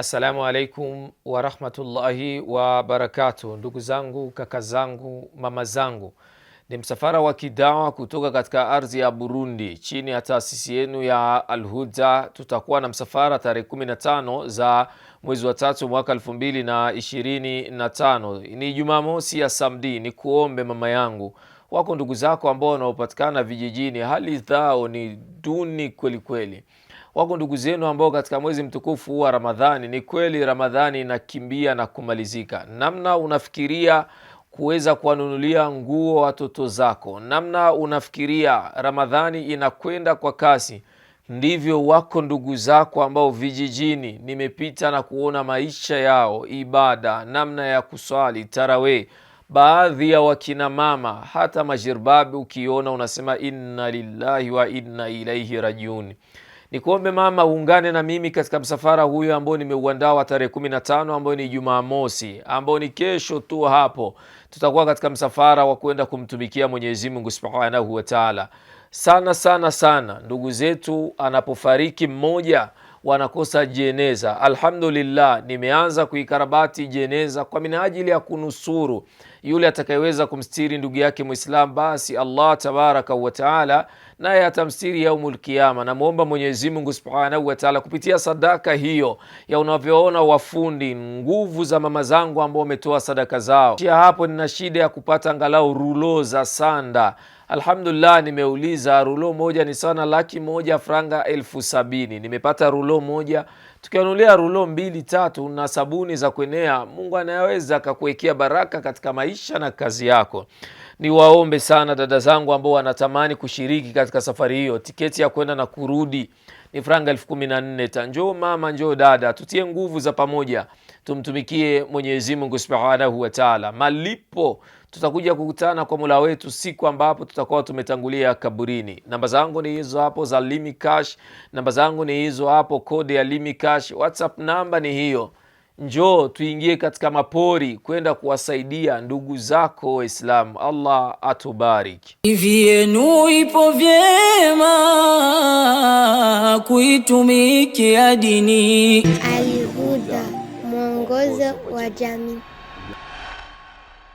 Assalamu alaikum warahmatullahi wabarakatu, ndugu zangu, kaka zangu, mama zangu. Ni msafara wa kidawa kutoka katika ardhi ya Burundi chini ya taasisi yenu ya Alhuda. Tutakuwa na msafara tarehe 15 za mwezi wa tatu mwaka tano ni Jumamosi ya Samdi. Ni kuombe mama yangu wako ndugu zako ambao wanaopatikana vijijini, hali zao ni duni kwelikweli kweli wako ndugu zenu ambao katika mwezi mtukufu wa Ramadhani, ni kweli Ramadhani inakimbia na kumalizika. Namna unafikiria kuweza kuwanunulia nguo watoto zako, namna unafikiria Ramadhani inakwenda kwa kasi, ndivyo wako ndugu zako ambao vijijini, nimepita na kuona maisha yao, ibada, namna ya kuswali tarawe baadhi ya wakina mama hata majirbabi ukiona unasema inna lillahi wa inna ilaihi rajiuni Nikuombe mama, uungane na mimi katika msafara huyo ambao nimeuandaa wa tarehe kumi na tano ambao ni Jumamosi, ambao ni kesho tu hapo. Tutakuwa katika msafara wa kwenda kumtumikia Mwenyezi Mungu Subhanahu wa Ta'ala. Sana sana sana, ndugu zetu anapofariki mmoja wanakosa jeneza. Alhamdulillah, nimeanza kuikarabati jeneza kwa minajili ya kunusuru yule atakayeweza kumstiri ndugu yake mwislamu basi Allah tabaraka wa taala naye atamstiri yaumul kiyama. Namwomba Mwenyezi Mungu subhanahu wa taala kupitia sadaka hiyo ya unavyoona, wafundi nguvu za mama zangu ambao wametoa sadaka zao. Hapo nina shida ya kupata angalau rulo za sanda Alhamdulillah, nimeuliza rulo moja ni sana laki moja franga elfu sabini. Nimepata rulo moja, tukianulia rulo mbili tatu na sabuni za kuenea, Mungu anaweza akakuwekea baraka katika maisha na kazi yako. Niwaombe sana dada zangu ambao wanatamani kushiriki katika safari hiyo. Tiketi ya kwenda na kurudi ni franga elfu kumi na nne. njoo mama, njoo dada, tutie nguvu za pamoja, tumtumikie Mwenyezi Mungu subhanahu wa taala. malipo tutakuja kukutana kwa mula wetu siku ambapo tutakuwa tumetangulia kaburini. Namba zangu ni hizo hapo za Limicash, namba zangu ni hizo hapo, kode ya Limicash, WhatsApp namba ni hiyo. Njoo tuingie katika mapori kwenda kuwasaidia ndugu zako Waislamu. Allah atubariki. Hivi yenu ipo vyema kuitumikia dini. Alhuda, mwongozo wa jamii.